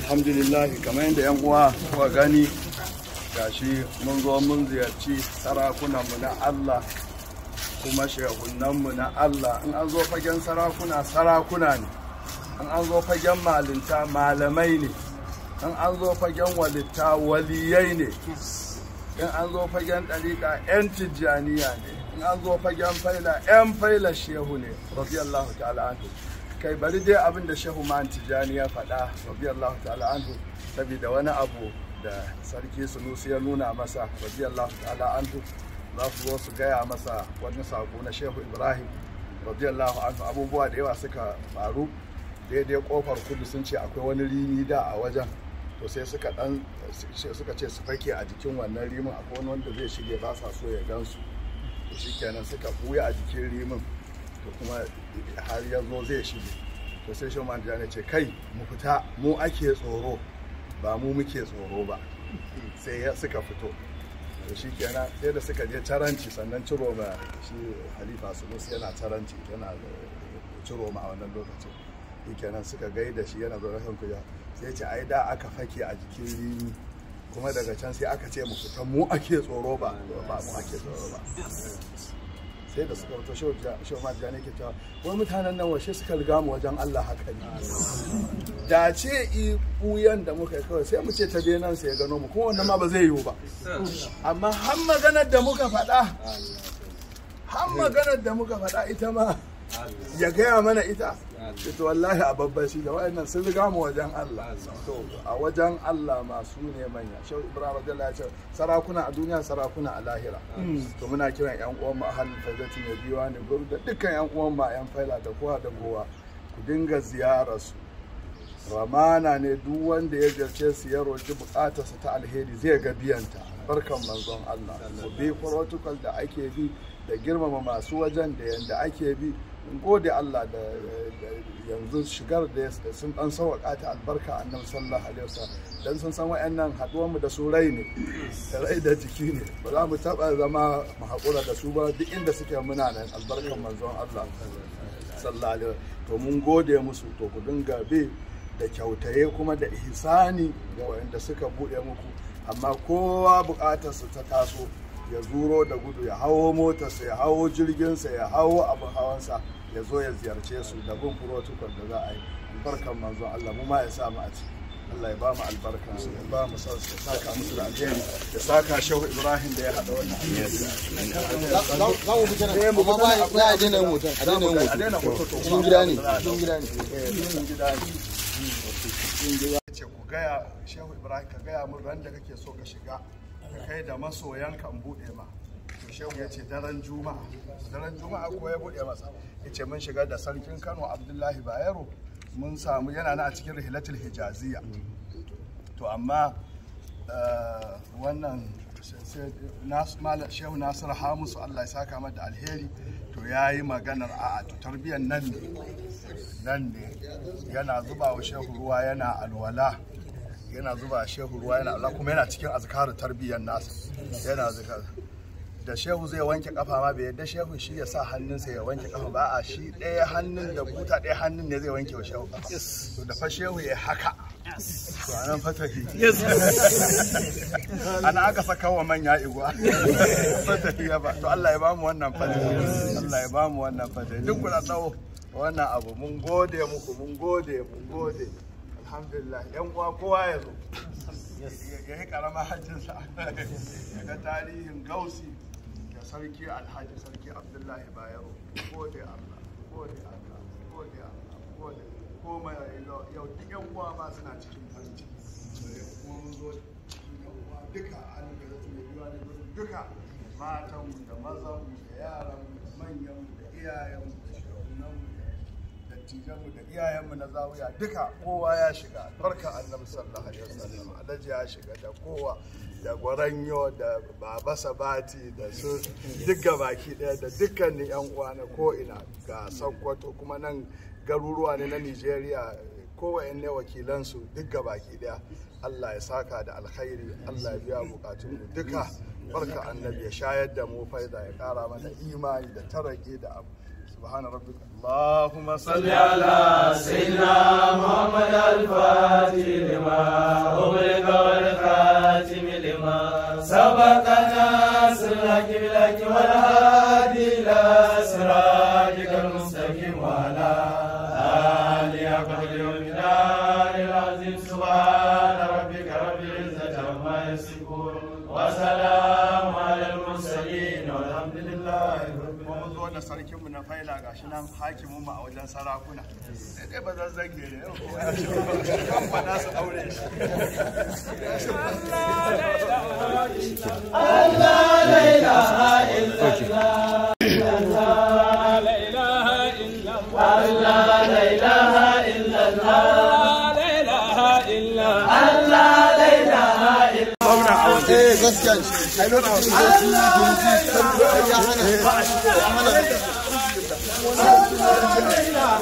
alhamdulillahi kamar yadda yan uwa kuka gani gashi mun zo mun ziyarci sarakunanmu na Allah kuma shehunanmu na Allah in an zo fagen sarakuna sarakuna ne in an zo fagen malinta malamai ne in an zo fagen walitta waliyai ne in an zo fagen ɗariƙa 'yan tijjaniya ne in an zo fagen faila 'yan faila shehu ne rafiyallahu ta'ala anhu kai bari dai abin da shehu man tijani ya faɗa radiyallahu ta'ala anhu saboda wani abu da sarki sunusi ya nuna masa radiyallahu ta'ala anhu za su zo su gaya masa wani sako na shehu ibrahim radiyallahu anhu abubuwa da yawa suka faru daidai kofar kudu sun ce akwai wani rini da a wajen to sai suka dan suka ce su fake a jikin wannan rimin akwai wani wanda zai shige ba sa so ya gansu to shikenan suka buya a jikin rimin to kuma har ya zo zai shige to sai shoma da ne ce kai mu fita mu ake tsoro ba mu muke tsoro ba sai ya suka fito to shi kenan sai da suka je taranci sannan ciro ma shi halifa sulus yana taranci yana ciro ma a wannan lokacin shi kenan suka gaida shi yana zuwa kan kuya sai ce ai da aka fake a jikin rini kuma daga can sai aka ce mu fita mu ake tsoro ba ba mu ake tsoro ba sai da suka wato shehu majiya ne ke cewa wai mutanen nan washe suka riga mu wajen Allah haka ne da ce i kuyan da muka yi kawai sai mu ce ta je nan sai ya gano mu kuma wannan ma ba zai yiwu ba amma har maganar da muka faɗa har maganar da muka faɗa ita ma ya gaya mana ita ita wallahi a babban shi da wa'annan sun riga mu wajen Allah to a wajen Allah masu ne manya shau ibrahim radiyallahu ya ce sarakuna a duniya sarakuna a lahira to muna kiran yan uwan mu ahlul faidati ne biyuwa ne gurbi da dukkan yan uwan mu yan faila da kowa da kowa ku dinga ziyarar su ramana ne duk wanda ya jarce su ya roki su ta alheri zai ga biyan ta. barkan manzon Allah ku bi protocol da ake bi da girmama masu wajen da yanda ake bi in gode Allah da yanzu shigar da sun dan sauƙa ta albarka annabi sallallahu alaihi wasallam dan sun san wayannan haduwar mu da su rai ne rai da jiki ne ba za mu taba zama mu haƙura da su ba duk inda suke muna nan albarkar manzon Allah sallallahu alaihi to mun gode musu to ku dinga bi da kyautaye kuma da ihsani ga wayanda suka buɗe muku amma kowa su ta taso ya zuro da gudu ya hawo motarsa ya hawo jirginsa ya hawo abin hawansa ya zo ya ziyarce su da bin protocol da za a yi barkan manzon Allah mu ma ya sa mu a ciki Allah ya ba mu albarka ya ba mu ya saka musu da alheri ya saka shehu Ibrahim da ya hada wannan alheri mu ba za a daina hoton a daina hoton a daina hoton cikin gida ne cikin gida ne eh, cikin gida ne hmm, ce ku gaya shehu Ibrahim ka gaya mun ran da kake so ka shiga kai da masoyan kan buɗe ma to shehu ya ce daren juma'a daren juma'a ko ya buɗe masa ya ce mun shiga da sarkin kano abdullahi bayero mun samu yana na a cikin rihilatul hijaziya to amma eh, wannan shehu nasiru hamusu allah ya saka mata da alheri to ya yi maganar a to tarbiyyar nan ne nan ne yana zuba wa shehu ruwa yana alwala yana zuba shehu ruwa yana Allah kuma yana cikin azkaru tarbiyyar nasa yana azkar da shehu zai wanke kafa ma bai yadda shehu shi ya sa hannunsa ya wanke kafa ba a shi ɗaya hannun da buta ɗaya hannun ne zai wanke wa shehu kafa to da fa shehu ya haka to anan fatahi ana aka saka wa manya igwa fatahi ya ba to Allah ya bamu wannan fata Allah ya bamu wannan fata duk kuna tsawo wannan abu mun gode muku mun gode mun gode alhamdulillah yan uwa kowa ya zo ya yi karamar hajjinsa ya ga tarihin gausi da sarki alhaji sarki abdullahi bayero gode allah gode allah gode allah gode koma yau duk yan uwa ma suna cikin farin ciki kuma mun zo duka an gaza su yi biyuwa ne duka matanmu da mazanmu da yaranmu da manyanmu da iyayenmu dattijanmu da iyayenmu na zawiya duka kowa ya shiga barka annabi sallallahu alaihi wasallam alhaji ya shiga da kowa da gwaranyo da baba sabati da su duk baki daya da dukkanin yan uwa na ko ina ga sakkwato kuma nan garuruwa ne na nigeria ne wakilansu duk gabaki daya Allah ya saka da alkhairi Allah ya biya mu duka barka annabi ya shayar da mu faida ya kara mana imani da tarage da abu سبحان ربك اللهم صل على سيدنا محمد الفاتح لما أغلق والخاتم لما سبق ناس الحق بالحق والهادي hakimin mu a wajen sarakuna sai dai ba zan zage ne yau ko ya shi kan ba na su aure shi Allah la ilaha illallah Allah la ilaha illallah Allah la ilaha illallah Allah la ilaha illallah Allah la ilaha illallah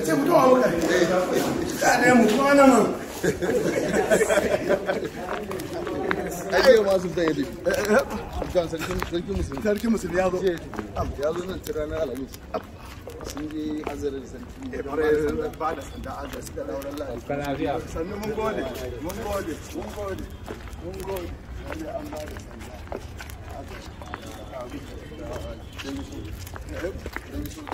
ka ce mutum abu kai ne mu kuma nan ai yau zai yi eh, eh, musulmi musulmi ya zo ya zo nan tira na sun je eh, ba da sanda lafiya sannu mun gode mun gode mun gode mun gode an ba da sanda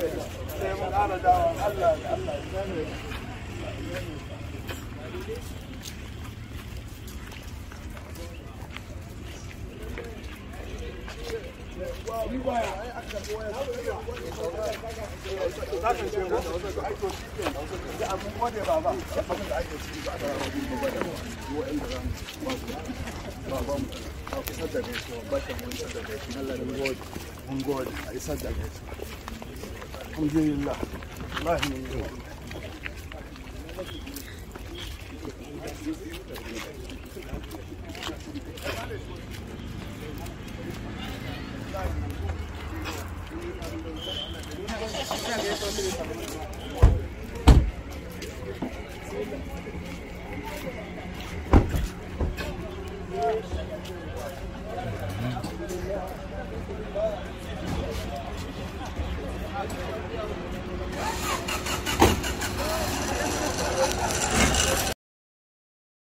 sai mun ƙara dawa Allah da Allah ya ne Mun gode, a isar da gaisuwa. الحمد لله الله يهنيك